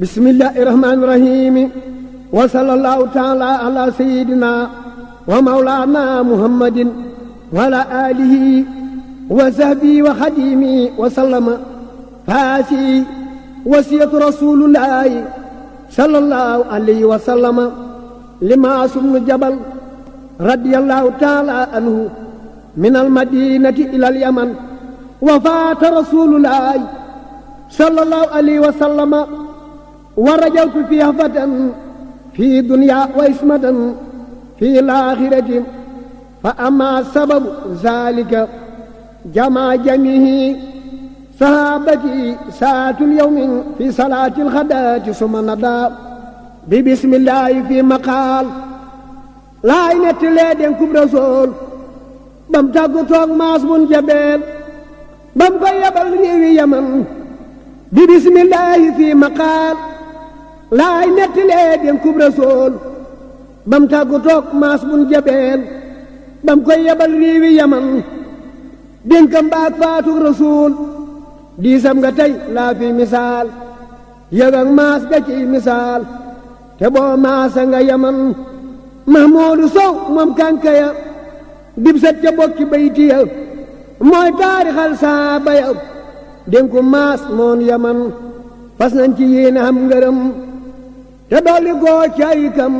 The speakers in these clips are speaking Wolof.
بسم الله الرحمن الرحيم وصلى الله تعالى على سيدنا ومولانا محمد وعلى آله وصحبه وخديمه وسلم فاسي وصية رسول الله صلى الله عليه وسلم لما بن جبل رضي الله تعالى عنه من المدينة إلى اليمن وفات رسول الله صلى الله عليه وسلم wa rajawtu fi hafatan fi dunya wa ismatan fi laaxirati fa ama sababu zalika jamaa jamihi sahabati saatul yawmin fi salaati alxadaati suma nada bi bismillahi fi maqaal laay nett lee den kub rasool bam tàggu toog maas bun jabeel bam ko yebal réewi yaman bi bismillahi fi maqaal laay nettalee dénkub rasool bam tàggu toog maas bun jabeel bam koy yebal réewi yaman dénkam baak faatug rasool diisam nga tey laa misaal yëg maas ga ciy misaal te boo maasa nga yaman mahmoodu sow moom kànka ya dib ca bokki bayti ya mooy taarixal saaba ya dénku maas moon yaman fas ci yéene am ngërëm te dolli goo ci ay gëm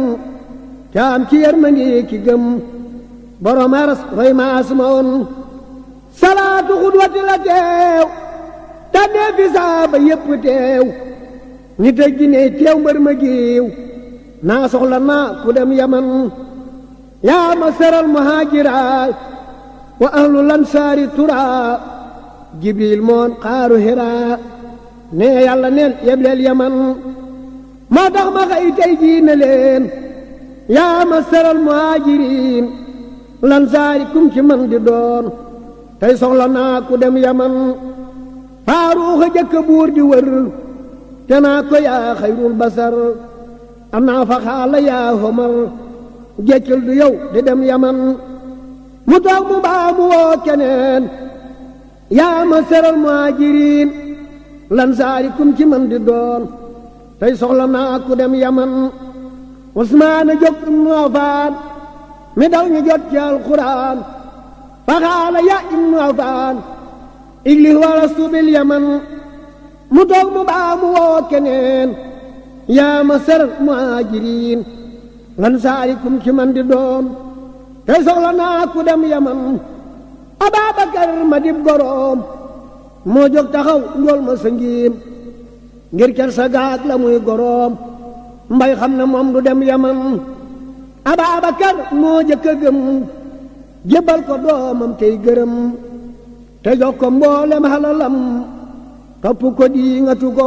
te am ci yërmandi ki gëm borom aras roy ma salaatu xudwati teew tànnee fi saaba yépp teew nit ak jinne teew mbër ma giiw naa soxla naa ku dem yaman yaa ma seral muhaajira wa ahlu lansaari tura jibril moon xaaru hira nee yàlla neen yebleel yaman moo tax ma xëy tey jii ne yaa ma muhaajiriin lan kum ci man di doon tey soxla naa ku dem yaman faaruuxa jëkk buur di wër te naa ko yaa xayrul basar anaa fa xaala yaa homar jekkil du yow di dem yaman mu toog mu baa mu woo keneen yaa ma muhaajiriin lan kum ci man di doon tey soxla naa ku dem yaman usmaana jóg ibnu afaan mi daw ñu jot ci alquran faxaala ya ibnu afaan iglis wala subil yaman mu toog mu baa mu woo keneen yaa ma ser muhaajiriin lan saarikum ci man di doon tey soxla naa ku dem yaman ababakar ma dib goroom moo jóg taxaw njool ma sangiim ngir ker sa gaag la muy goroom mbay xam na moom du dem yaman ababakar moo jëkk a gëm jébbal ko doomam tey gërëm te jox ko mboolem halalam topp ko di nga tu ko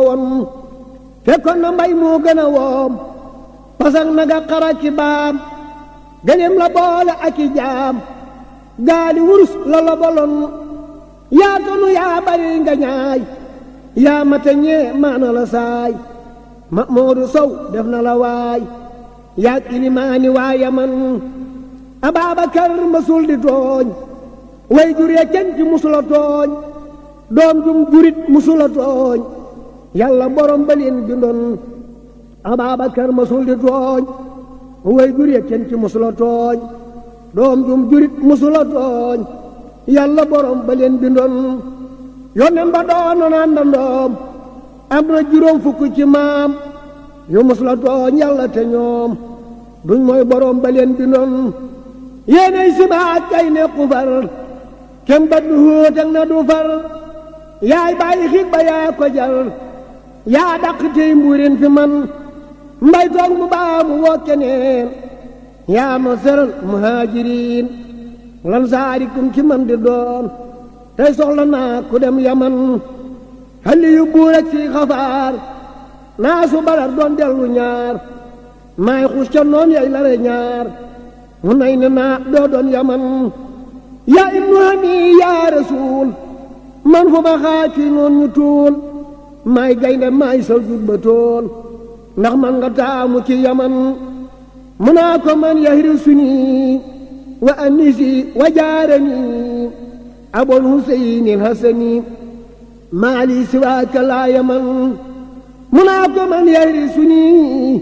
fekkoon na mbay moo gën a woom pasak naga xara ki gëléem la boole ak i jaam wurus la loboloon yaa tonu yaa bari nga ñaay yaa ma te ñee maana la saay ma moodu sow def na la waay yaag ilimaani waaya man Ababakar masul di tooñ way juree kenn ci musula tooñ doom jum jurit musula tooñ yàlla borom ba leen bindoon Ababakar masul di tooñ way juree kenn ci musula tooñ doom jum jurit musula tooñ yàlla borom ba bindoon yónneen ba doonoon àndandoom am na juróom fukk ci maam yu mus la tooñ yàlla te ñoom duñ mooy boroom ba leen bi noon yéenay sibaat kay nekku far kenn ba du na du yaay bàyyi xiig ba yaa ko jar yaa dàq mbuurin fi man mbay mu baa mu woo keneen yaa ma seral muhaajiriin lan saarikum ci man di doon tey soxla naa ku dem yaman xalli yu buur ak si xafaar naa su badar doon dellu ñaar maay xus ca yay lare ñaar mu nay ne doo doon yaman yaa ibnu hami yaa rasuul man fu ma xaa ci noon ñu tuul maay gaynde maay saw jut ndax man nga taamu ci yaman mu naa ko man yahri suni wa anisi wa jaarani أبو الحسين الحسني ما لي سواك لا يمن مناك من يرثني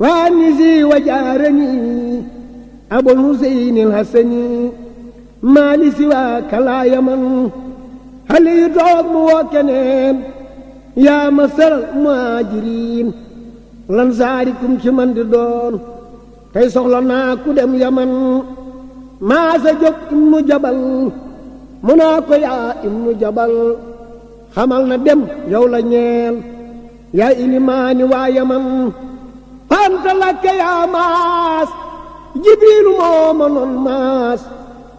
وأنزي وجارني أبو الحسين الحسني ما لي سواك لا يمن هل يدعوك وكنين يا مسر المهاجرين lan saarikum ci man di doon tey soxla naa ku dem yaman maasa jóg mu jabal mu naa yaa ibnu jabal xamal na dem yow la ñeel yaa ilimaani waa yaman fanta lakke yaa maas jibriilu moo ma maas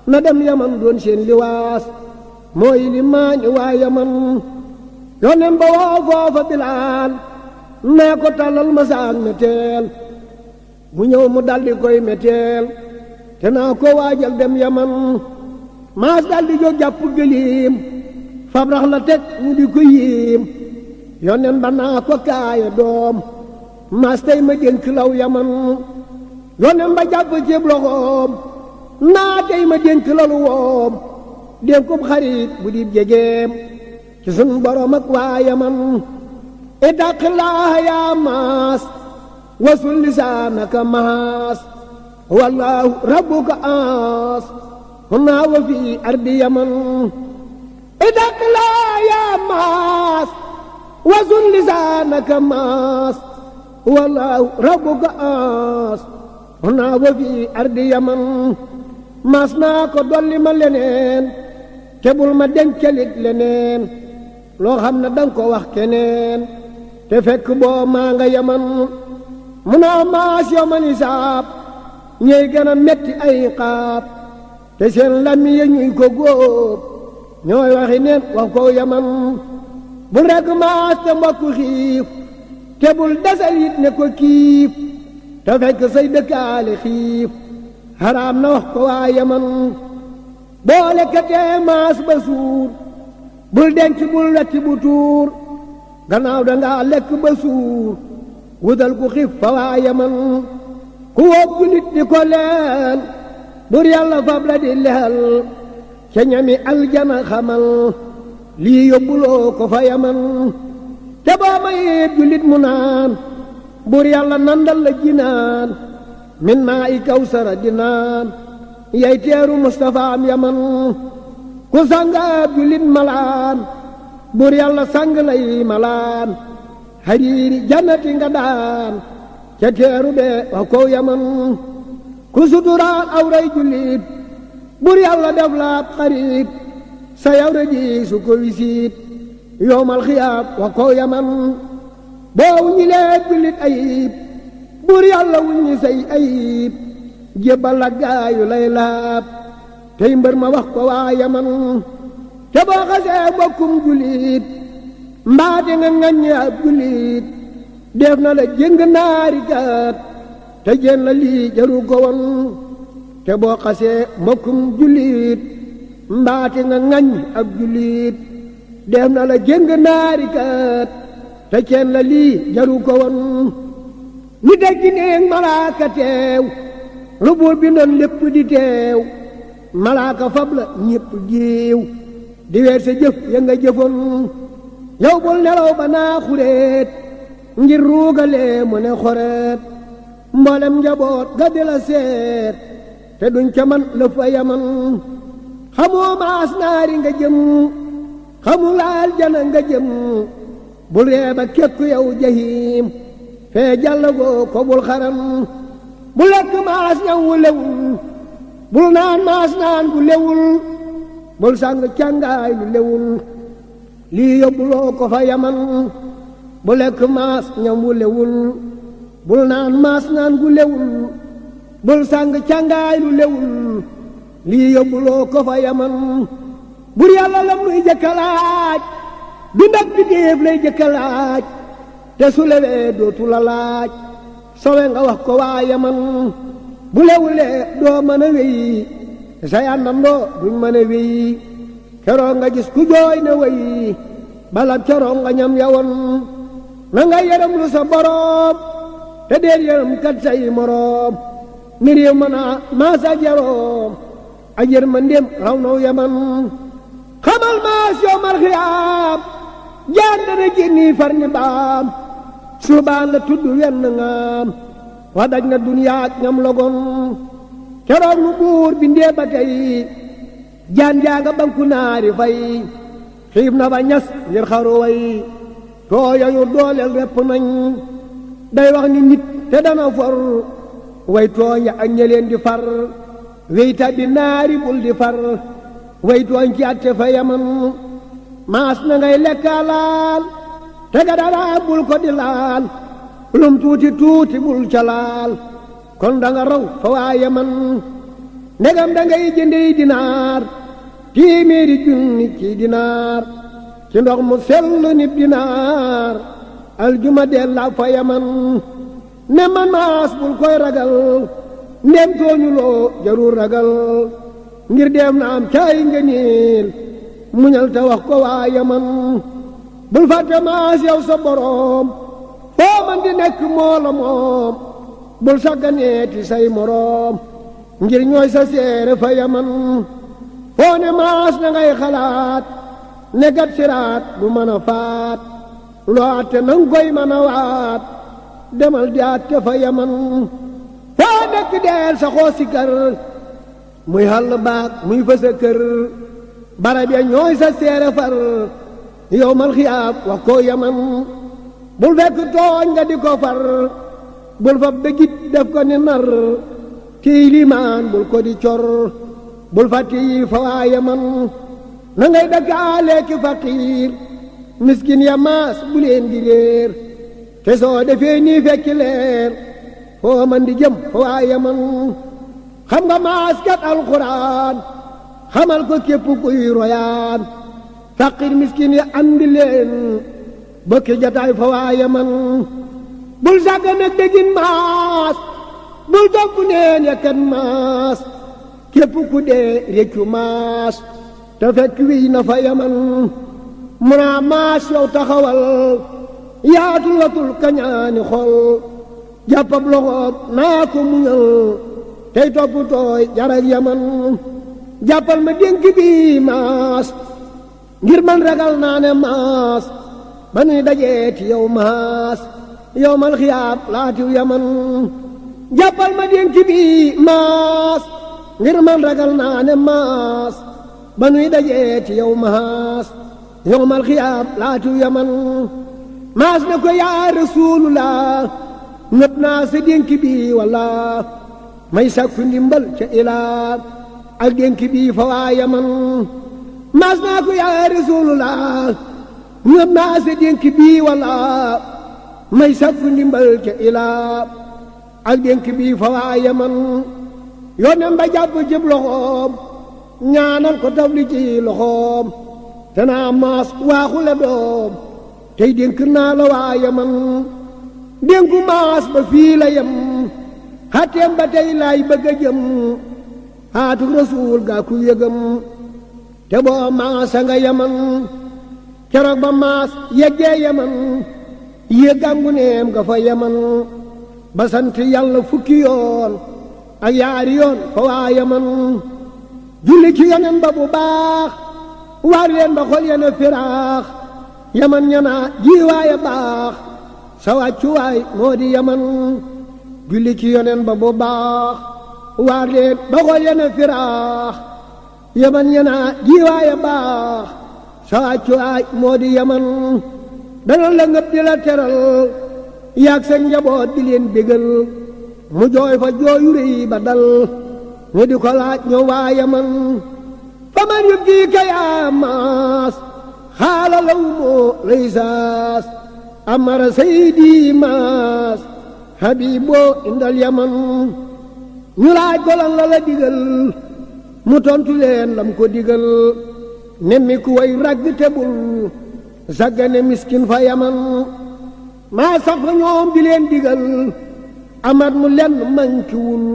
na dem yaman doon seen liwaas moo ilimaani waa yaman yonen ba woo foofa bilaal naa ko tàllal masaan meteel mu ñëw mu daldi koy meteel te naa ko waajal dem yaman maas daal di jàpp gëléem fab la teg mu di ko yéem ba naa ko kaaya doom maas tey ma dénk law yaman yonen ba jàpp ceeb loxoom naa tey ma dénk lalu woom dénkub xarit bu di jegeem ci sun borom waa yaman itaqillaaha e yaa maas wasul lisaanaka maas wallaahu rabbuka aas هنا وفي أرض يمن إذاك لا يا ماس وزن لسانك ماس والله ربك آس هنا وفي أرض يمن maas naa ko dolli ma leneen tebul ma dencalit leneen loo xam ne danga ko wax keneen te fekk boo maa yaman mu maas yo man isaab ñey gën metti ay xaab te seen lam ya ñuy ko góob ñooy waxi neen wax ko yaman bul rek maas te mbokk xiif te bul desal ne ko kiif te fekk say dëkkaale xiif xaraam na wax ko waa yaman boole ka tee maas ba bul denc bul wetti bu tuur gannaaw dangaa lekk ba wutal ku xiif fa waa yaman ku wóob julit di ko leen bur yàlla fab di lehal ca ñami aljana xamal lii yóbbuloo ko fa yaman te boo mayee jullit mu naan bur yàlla nandal jinaan min maa i kawsara di naan yay teeru Mustafa yaman ku sàngaab jullit malaan bur yàlla sang malaan hariiri jannati nga daan ca teeru bee wa kow yaman ku suturaal aw jullit bur yàlla def laab xarit sa yawra su ko wisiit yowmal xiyaab wa ko yaman boo wuññi lee jullit ayib bur yàlla wuññi say ayib jébbal la gaayu lay laab tey mbër ma wax ko waa yaman te boo xasee mbokkum jullit mbaate nga ngaññi ab jullit def na la jëng naari kat te jéem la lii jaru ko woon te boo xasee mbokkum jullit mbaate nga ŋañ ab jullit dem na la jëng naarikat te ceen la lii jaru ko woon ni dégg neeg malaaka teew lu buur lépp di teew malaaka fab la ñépp giiw di sa jëf ya nga jëfoon yow bul nelaw ba naa xureet ngir ruugalee mu ne xoreet mboolem njaboot ga di la seet te duñ ca fa yaman xamoo maas naari nga jëm xamul aljana nga jëm bul reeba kekku yow jahim fee jàllagoo ko bul xaram bu lekk maas ñaw wu lewul bul naan maas naan bu lewul bul sàng càngaay lu lewul lii yóbbuloo ko fa yaman bu lekk maas ñaw lewul bul naan maas naan gu lewul bul sàng càngaay lu lewul lii yóbbuloo ko fa yaman bur yàlla lam nuy jëkkalaaj bi ndag bi déef lay te su lewee dootu la laaj sowe nga wax ko waa bu lewulee doo mën a wéy sa yàndandoo duñ mën a nga gis ku ne wéy balam keroo nga ñam yawoon na nga yaram lu sa boroom te deel yërëm kat say moroom mi réew mën a maasa jaroom ak yërmandeem raw naw yaman xamal maas yow mar xiyaam jaan dana jénni far ni baam suubaan la tudd wenn ngaam wa daj na duniyaak ngam logon keroog nu buur bi ndee ba jaan jaa banku naari fay xiib na ba ñas ngir xaru way tooya yu dooleel repp nañ day wax ni nit te dana for way tooñ ak ña leen di far wey tabbi naari bul di far way tooñ ci atte fa yaman maas na ngay lekka laal te gadara bul ko di laal lum tuuti tuuti bul ca laal kon da nga raw fa waa yaman ndegam da ngay jëndey dinaar téeméeri junni ci dinaar ci ndox mu sell nib dinaar aljuma dellaa fa yaman ne man maas bul koy ragal ndem tooñuloo jarul ragal ngir dem na am caay nga muñal te wax ko waa yaman bul fàtte maas yow sa boroom foo man di nekk moo la moom bul sagganeeti say moroom ngir ñooy sa seere fa yaman foo ne maas na ngay xalaat ne gat siraat du mën a faat loote nang goy mën a waat demal di fa yaman foo nekk deel sa xoo kër muy xàll baag muy fa sa barab ya ñooy sa seere far yow mal xiyaab wax yaman bul fekk tooñ nga di ko far bul fa bëggit def ko ni nar kii limaan bul ko di cor bul fàtti fa waa yaman na ngay dakkaale ki faqiir miskin ya maas bu di réer te soo defee nii fekki leer di jëm foo waaye man xam nga maas kat alxuraan xamal ko képp kuy royaan faqir miskin ya andi bokki jataay foo waaye man bul sàggane dégin maas bul topp ya kat maas képp ku dee réccu maas te fekk wii na fa yaman mu naa maas yow taxawal yaatul watul kañaani xol jàppab loxoom naa ko muñal tey topp tooy jarak yaman jàppal ma dénk maas ngir man ragal naa ne maas ba nuy dajeeti yow maas yow mal xiyaab laatiw yaman jàppal ma dénk maas ngir man ragal naa maas ba nuy dajeeti yow maas yowmal xiyaam laatiw yaman maas ko yaa rasuulullah nëb naa sa dénk bi walla may sàkku ndimbal ca ilaa ak dénk bi fa yaman maas ko yaa rasuulullah nëb naa sa dénk bi walla may sàkku ndimbal ca ilaa ak dénk bi fa yaman yónneen ba jàpp cib loxoom ñaanal ko tafli ci loxoom danaa maas waaxule doom tey dénk naa la waaye man dénku maas ba fii la yem xatteem ba tey laay bëgg a jëm xaatuk rasuul gaa ku te boo maasa nga yaman keroog ba maas yeggee yaman yëggangu neem nga fa yaman ba yàlla fukki yoon ak yaari yoon fa waa yaman julli ci yonen ba bu baax waar leen ba xol yene firaax yaman ñanaa jiiwaaya baax sa wàccuwaay moo di yaman julli ci yonen ba bu baax waar leen firaax yaman ñanaa jiiwaaya baax sa wàccuwaay moo di yaman dana la ngëb di la teral yaag sa njaboot di leen bégal mu jooy fa jooyu réy ba dal ñu di ko yaman فمن يبديك يا ماس خال لوم ليساس أمر سيدي ماس حبيبو عند اليمن ñulaaj ko lan la la digal mu tontu leen lam ko digal nemmi ku way ragg tebul saggane miskin fa yaman maa fa ñoom di leen digal amat mu lenn mankiwul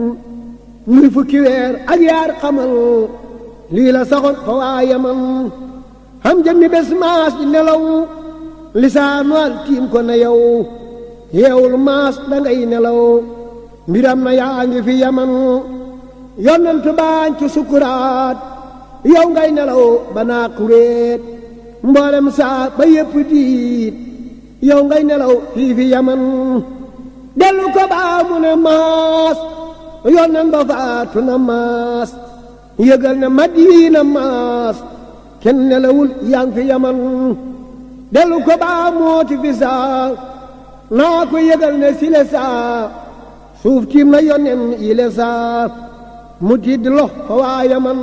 muy fukki weer ak yaar xamal lii la saxoon fa waayaman xam jëmmi bés maas di nelaw lisaan war tiim ko na yow yeewul maas dangay nelaw mbiram na yaa ngi fi yaman yonentu baañ ci sukuraat yow ngay nelaw ba kuréet mboolem saa ba diit yow ngay nelaw fii yaman dellu ko baa mu ne maas yonen ba faatu na maas yëgal na Madina maas kenn nelawul yaa ngi fi yaman dellu ko baa mooti fi naa ko yëgal ne sile saa suuf tiim na yonen ile saa mu tidd lox fa waa yaman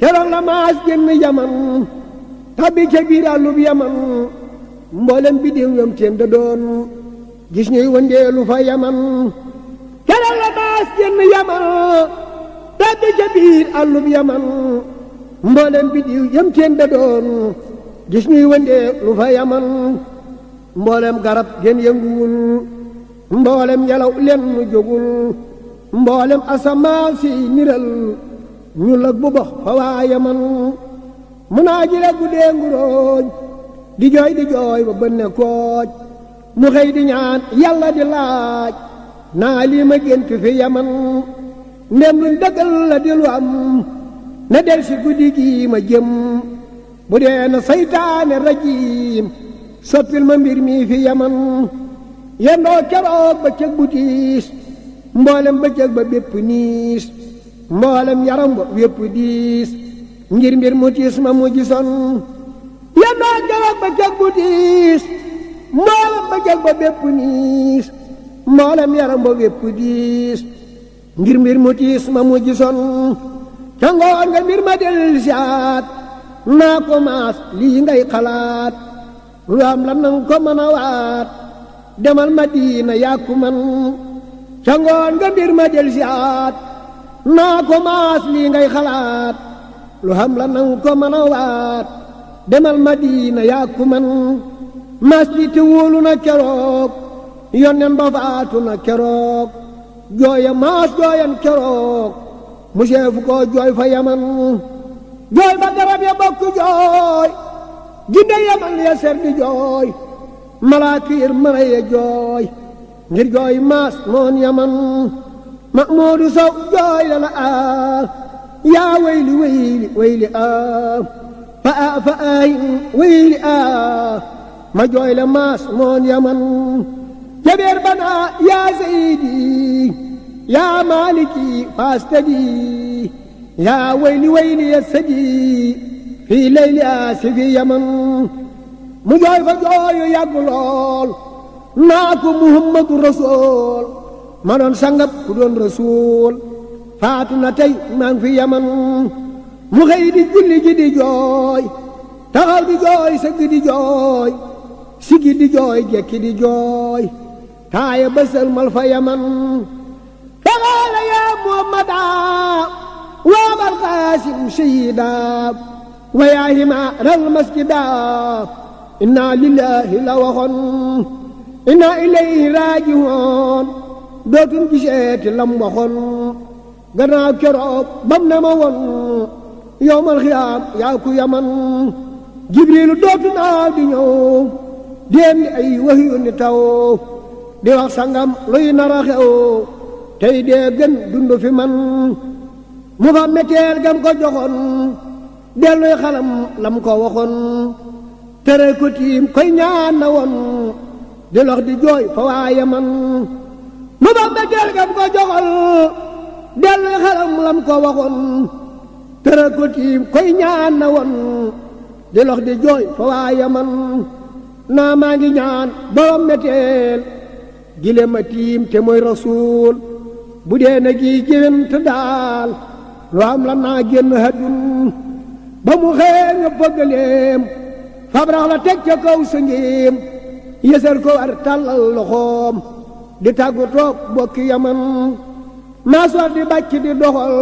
keroog la maas yaman tabbi ca biir àllub yaman mboolem bi yom teen doon gis ñuy wëndeelu fa yaman keroog la maas yaman tàbbi ca biir àllub yaman mboolem bidiw yam ceen da doon gis ñuy wëndee fa yaman mboolem garab gen yënguwul mboolem ngelaw len nu jógul mboolem asamaan si niral ñu lëg bu fa waa yaman mu naa guddee nguróoj di jooy di jooy ba bënne kooj mu xëy di ñaan yàlla di laaj naa gént fi yaman ndem luñ dëggal la delu am na del si guddi gi ma jëm na saytaane rajiim soppil ma mbir mi fi yaman yendoo keroog ba cëg bu tiis mboolem ba cëg ba bépp niis mboolem yaram ba wépp diis ngir mbir mu ma mu gisoon yendoo keroog ba cëg bu mboolem ba cëg ba bépp niis mboolem yaram ba wépp diis ngir mbir mu tiis ma mujj son ca nga mbir ma del siaat naa ko maas lii ngay xalaat lu am la nang ko mën a waat demal Madina yàkku man ca nga mbir ma del siaat naa ko maas lii ngay xalaat lu am la nang ko mën a waat demal Madina yàkku man maas li te wóolu na keroog yonnen ba faatu na keroog jooya maas jooyan keroog mu seefu koo jooy fa yaman jooy ba garab ya bokk jooy ginde yaman ya ser jooy malaaka yër ya jooy ngir jooy maas moon yaman ma moodu saw jooy la la aar yaa wayli wayli wayli aar fa aa fa aayin wayli aar ma jooy la maas moon yaman جبير بنا يا سيدي يا مالكي فاستدي يا ويلي ويلي السدي في ليل آسف يمن مجاي فجوي يقلول ناكو محمد رسول منون سنغب كدون رسول فاتنا تي من في يمن مغيد جل جدي جوي تغل دي جوي سك دي جوي سيجي دي جوي جكي دي جوي taaya ba sëlmal fa yaman fagaala yaa muhammada waabal qaasim shahida wa yaa himaaral masjida inna lillaahi la waxoon inna ilayhi raajiwoon dootuñ giseeti lam waxoon gannaaw keroog bam ne ma woon yowmal xiyaam yaa ku yaman jibriilu dootu naaw di ñëw déem ay waxyu taw di wax sangam luy nara xew tey dee gën dund fi man mu fa metteel gam ko joxoon delluy xalam lam ko waxoon tere ko koy ñaan na woon di lox di jooy fa waaye man mu fa metteel gam ko joxoon delluy xalam lam ko waxoon tere ko koy ñaan na woon di lox di jooy fa waaye man naa maa ngi ñaan borom metteel gile a tiim te mooy rasuul bu dee na gi géwént daal lu am la naa génn hadun ba mu xëyee nga bëggaleem fabrax teg ca kaw sëngiim yësal ko war tàllal loxoom di tàggu toog bokki yaman maasoor di bàcc di doxal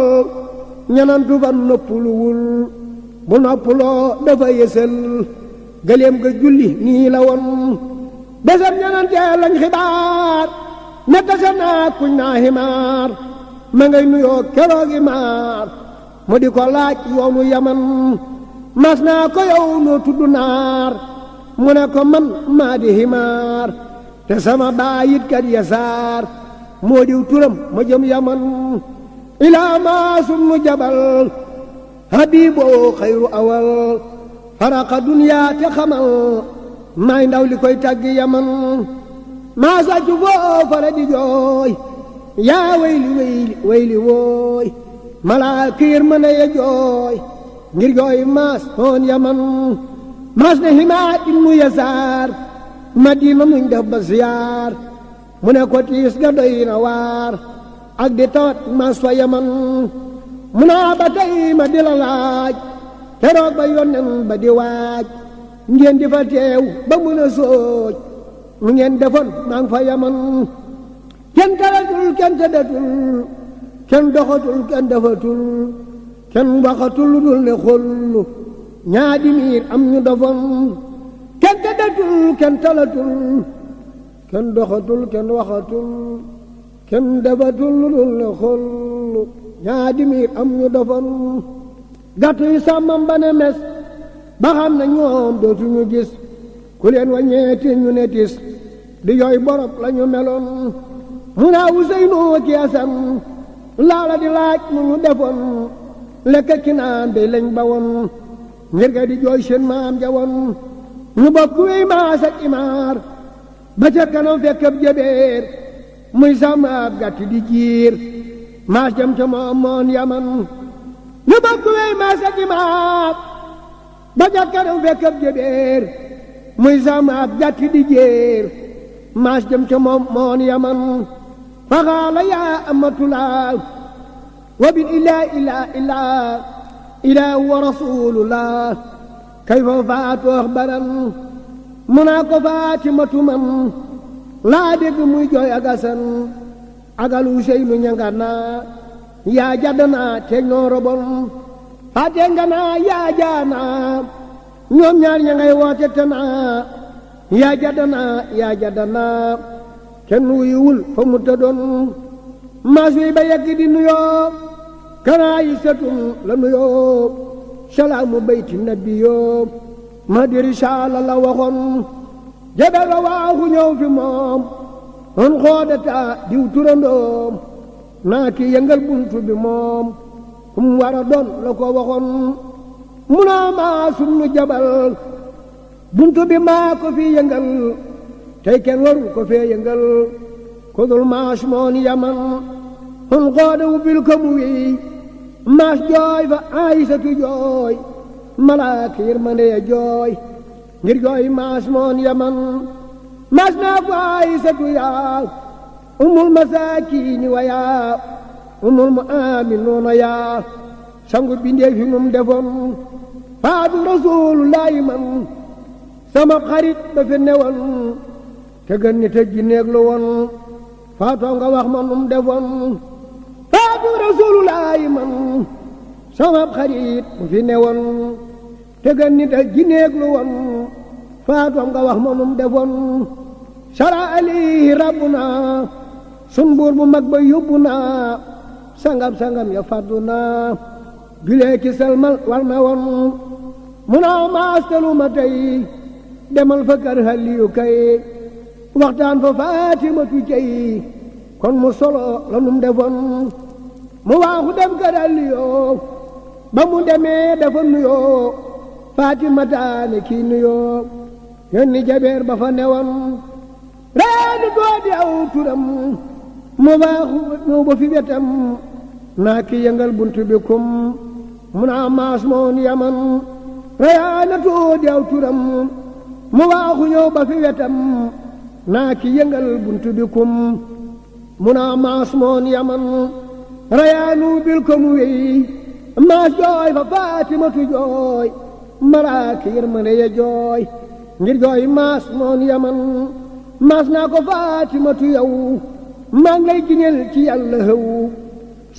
ñanantu fa noppuluwul bu noppuloo dafa yësal gëleem ga julli nii la woon bésam ñenantee lañ xibaar ne tase naa kuñ ximaar ma ngay nuyoo keroogi maar mu di ko laaj yoonu yaman mas ko yow noo tudd naar mu ne ko man maa di ximaar te sama baayit kat yasaar moo diw turam ma jëm yaman ilaa maa sunnu jabal habiiboo xayru awal faraqa dunyaa te xamal maay ndaw li koy tàgg yaman maa sàcc foofale di jooy yaa wayli wayli wayli wooy malaaka yërmande ya jooy ngir jooy maas hoon yaman maas na himaa in mu yasaar madina muñ def ba siyaar mu ne ko tiis ga na waar ak di tawat maas fa yaman mu naa ba tey ma di la laaj keroog ba yonnen ba di waaj ngeen di fa teew ba mën a sooj lu ngeen defoon maa ngi fa yaman kenn talatul kenn tëddatul kenn doxatul kenn defatul kenn waxatul lu dul ne xollu ñaadi miir am ñu defoon kenn tëddatul kenn talatul kenn doxatul kenn waxatul kenn defatul lu ne xollu ñaadi miir am ñu defoon gàtt sàmmam ba ne mes ba xam na ñoom dootuñu gis ku leen wàññeeti ñu ne di yooy borop la ñu meloon mu naa Useynu ki Asan laala di laaj mu ñu defoon lekk ki naan day lañ woon ngir ga di jooy seen maam ja woon ñu bokk wéy maas ak imaar ba ca kanam fekk ab jëbeer muy sàmm ab di jiir maas jam ca moom moon yaman ñu bokk wéy maas ak imaar ba ca kanam fekk ab jëbeer muy samaab jàtti di jéer maas jëm ca moom moon yaman faxaala yaa amatulaa wa bil ilaa ilaa wa rasulullah kay fa faatu axbaran mu naa ko faatimatu man laa dégg muy jooy agasan agalu seynu ñanga naa yaa jadd naa te robon ate nga naa yaa ñoom ñaar ña woote te naa yaa jaddana yaa jaddana kenn wuyuwul fa mu tëddoon maas wi ba yegg di nuyoo kanaa yi setun la nuyoo salaamu bayti ma di risaala la waxoon jabel ba waaxu ñëw fi moom on xoodata diw turandoom naa ki yëngal buntu bi moom hum war doon la ko waxoon munaa maa sumnu jabal buntu bi maa ko fi yëngal tey kenn waru ko fee yëngal kudul maas moon yaman hun xoode wu bil ko mu wiy maas jooy fa aysatu jooy malaak yërmande ya jooy ngir jooy maas moon yaman maas naa ko aysatu yaa umul masaakiini wa yaa umul mu aminuuna yaa sangu bindee fi num defoon faatu rasulullaahi man sama xarit ba fi newoon te gën ni te jinneeg nga wax ma num defoon faatu rasulullaahi man sama xarit ba fi newoon te gën ni te jinneeg nga wax ma num defoon sara alayhi rabbuna sun buur bu mag ba yóbbu naa sangam sangam ya faddu naa julee ki salmal war won mu naaw maastaluma tey demal fa kër xaliyu kay waxtaan fa faatimatu jey kon mu solo la num mu waaxu dem kër xaliyoo ba mu demee dafa nuyoo faatimataane kii nuyoo yónni jabeer ba fa newoon reenu doo di aw turam mu baaxu ñëw ba fi wetam naa ki yëngal bunt bi kum mun a maas moon yaman rayaana too di aw turam mu baaxu ba fi wetam naa ki yëngal bunt bi kum mun a maas moon yaman rayaanu bil ko mu wey maas jooy fa faatimatu jooy maraaki yërmande ya jooy ngir jooy maas moon yaman maas naa ko faatimatu yow maa ngi lay giñal ci yàlla xëw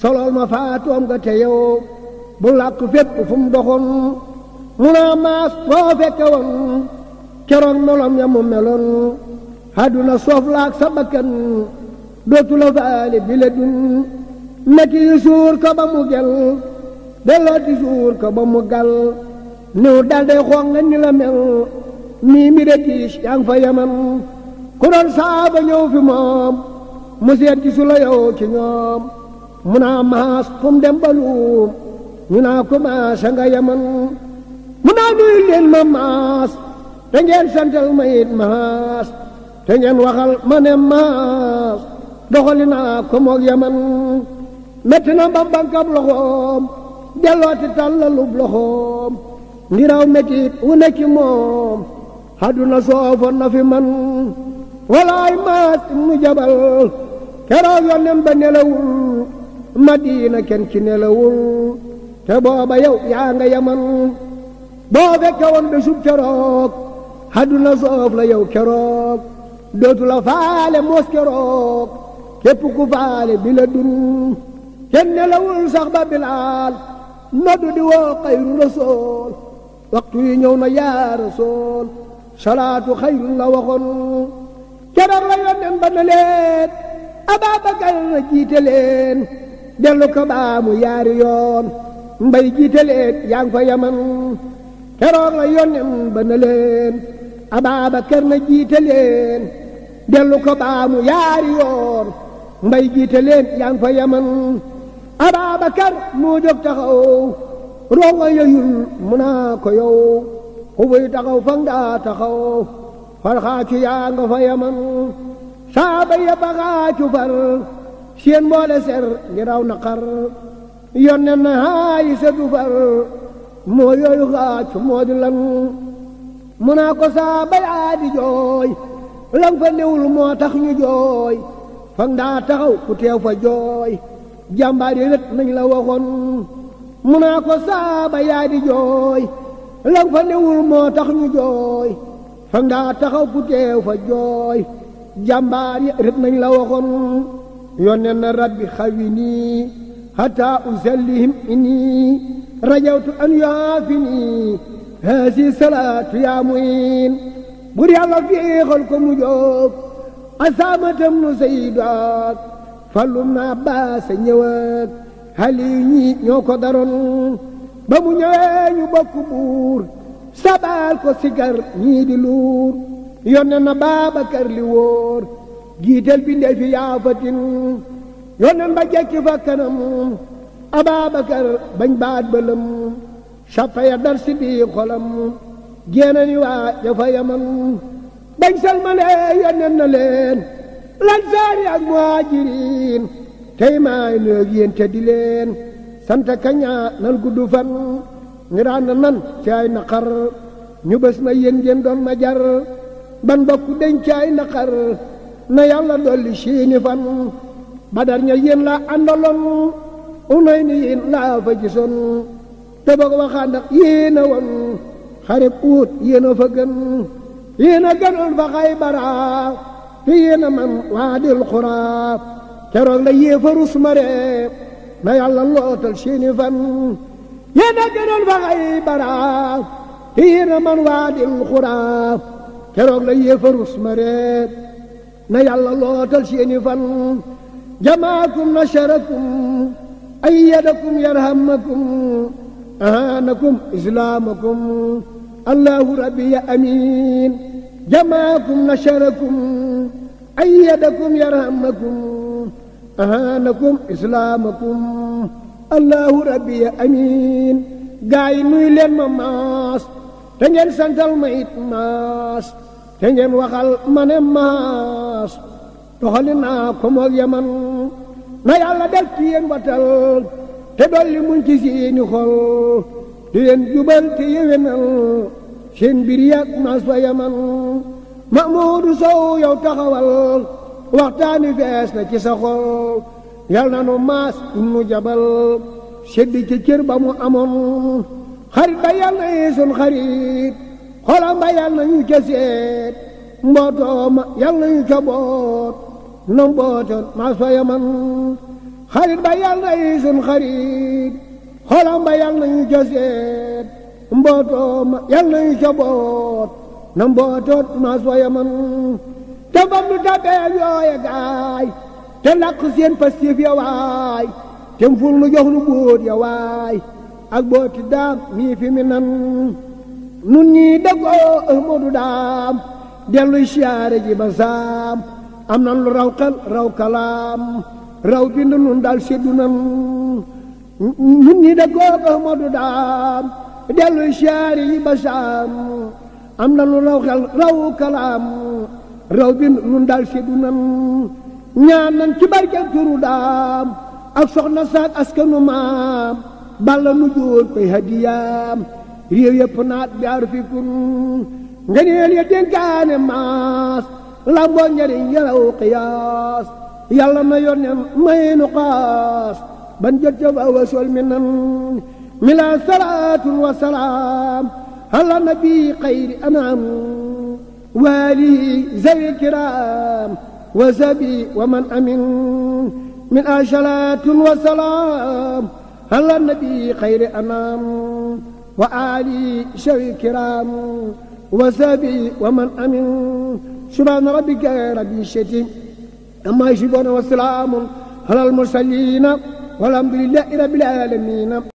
solol ma faatoom nga te yow bu làkk fépp fu mu mu naa maas koo fekke woon keroog meloom ya mu meloon àdduna soof laak sa dootu la faale bi la dun yu suur ko ba mu gel dellooti suur ko ba mu gal niw dalde xoog ni la mel nii mi de diis fa yemam ku doon saaba ñëw fi moom mu seet gisu la yow ci ñoom mu naa maas fu mu dem baluum ñu naa ko maasa nga yaman mu naa nuyu leen ma maas te ngeen santal ma maas te ngeen waxal ma ne maas doxali naa ko yaman metti na mbambankab loxoom dellooti tàllalub loxoom ngiraw mettit wu nekki moom àdduna soofoon na fi man walaay maas mu jabal keroog yónneen ba nelawul Madina kenn ki nelawul te booba yow yaa nga yaman boo fekke woon bésub keroog àdduna soof la yow keroog dootu la faale moos keroog képp ku faale bi la dun nelawul sax ba bilaal noddu di woo xayru rasool waxtu yi ñëw na yaa rasool salaatu xayru la waxoon keroog la yónneen ba ne Ababacar jiite leen dellu ko baamu yaari yoon mbay jiite leen yaa fa yaman keroog la yónneem ba na leen Ababacar na jiite leen dellu ko baamu mbay jiite leen yaa fa yaman Ababacar moo jóg taxaw ronga yeyul mu ko yow xubuy taxaw fa nga taxaw farxaa ci fa yaman saaba ya baxaacu far seen mboole ser ngi na xar yonne na haayi setu far moo yooyu xaacu moo di lan mu naa ko saaba yaa di jooy lan fa newul moo tax ñu jooy fang daa taxaw ku teew fa jooy jàmbaar yi rët nañ la waxoon mu naa ko saaba yaa di jooy lan fa newul moo tax ñu jooy fang daa taxaw ku teew fa jooy jàmbaar ya rët nañ la waxoon yónneen na rabbi xawi nii xataa usallihim inni rajawtu an yaafi nii haasi salaatu yaa muyin bur yàlla féexal ko mu jóg asaamatam nu sayyidaat fallum naa baasa ñëwaat xaliyu ñi ñoo ko daroon ba mu ñëwee ñu bokk sabaal ko sigar ñii di luur yónne na Baabakar li wóor jiital bindee fi yaafatin yónneen ba jekki fa kanam Ababakar bañ baat bëlëm sappa ya dar si xolam génne ni waa ja fa yaman bañ salmalee yónneen na leen lan saari ak muhaajiriin tey maay nëeg yéen te di leen sant kañaa nal gudd fan ngiraan na nan ci ay naqar ñu bés na yéen ngeen doon ma jar ban bokk dencaay naqar na yàlla dolli siini fan badar ña yéen la àndaloon unay ni yéen laa fa gisoon te boog waxaa ndax a xarib uut yéen fa gën yéen a fa xaybara te yéen man waadil xuraa keroog la yéefa rus mare na yàlla lootal siini fan yéen a fa xaybara te yéen man waadil xuraa keroog la yéefarus ma reeb na yàlla lootal seeni fan jamaakum nasarakum ayyadakum yarhamakum ahaanakum islaamakum allahu rabbi ya amiin jamaakum nasarakum ayyadakum yarhamakum ahaanakum islaamakum allahu rabbi ya amiin gaay nuy leen ma maas te ngeen santal ma it maas te ngeen waxal ma ne maas doxali naa ko moog yaman na yàlla def ci yéen watal te dolli muñ ci seeni xol di leen jubal te yéwénal seen mbir naas fa yaman Mahmoudou Sow yow taxawal waxtaani fees na ci sa xol yal na nu maas nu jabal sedd ci cër ba mu amoon xarit ba yal na sun xarit xolam ba yàlla nañu ca seet mbootoo ma yàlla nañu ca boot na mbootoon maa sooya man xarit ba yàlla nañu sun xarit xolam ba yàlla nañu ca seet mbootoo ma yàlla nañu boot na mbootoon maa sooya man te bam nu tabeel yooye gaay te làq seen pastif ya te ful nu jox nu bóot ya ak booti daam mii nan nun ñi dagoo Ahmadu daam delluy siyaare ji ba saam am nan lu raw xel raw kalaam raw bind nun daal seddu nan nun ñi dagoo Ahmadu daam delluy siyaare ji ba saam am nan lu raw xel raw kalaam raw bind nun daal seddu nan ñaan nan ci barke daam ak soxna saak askanu maam balla nu jóor koy hadiyaam réew yëpp naat biyaaru fi kun ngeneel ya dénkaane maas lamboo njariñ yaraw xiyaas yàlla ma yónne may nu ban jot ca waawa sol mi nan mi laa salaatun wa xayri anaam waalihi zawi kiraam wa wa man amin min a salaatun wa salaam ala xayri anaam wa ali shawi kiram wa sabi wa man amin subhaana rabbika rabbil izzati amma yasifuun wa salaamun alal mursaliin walhamdu lillaahi rabbil aalamiin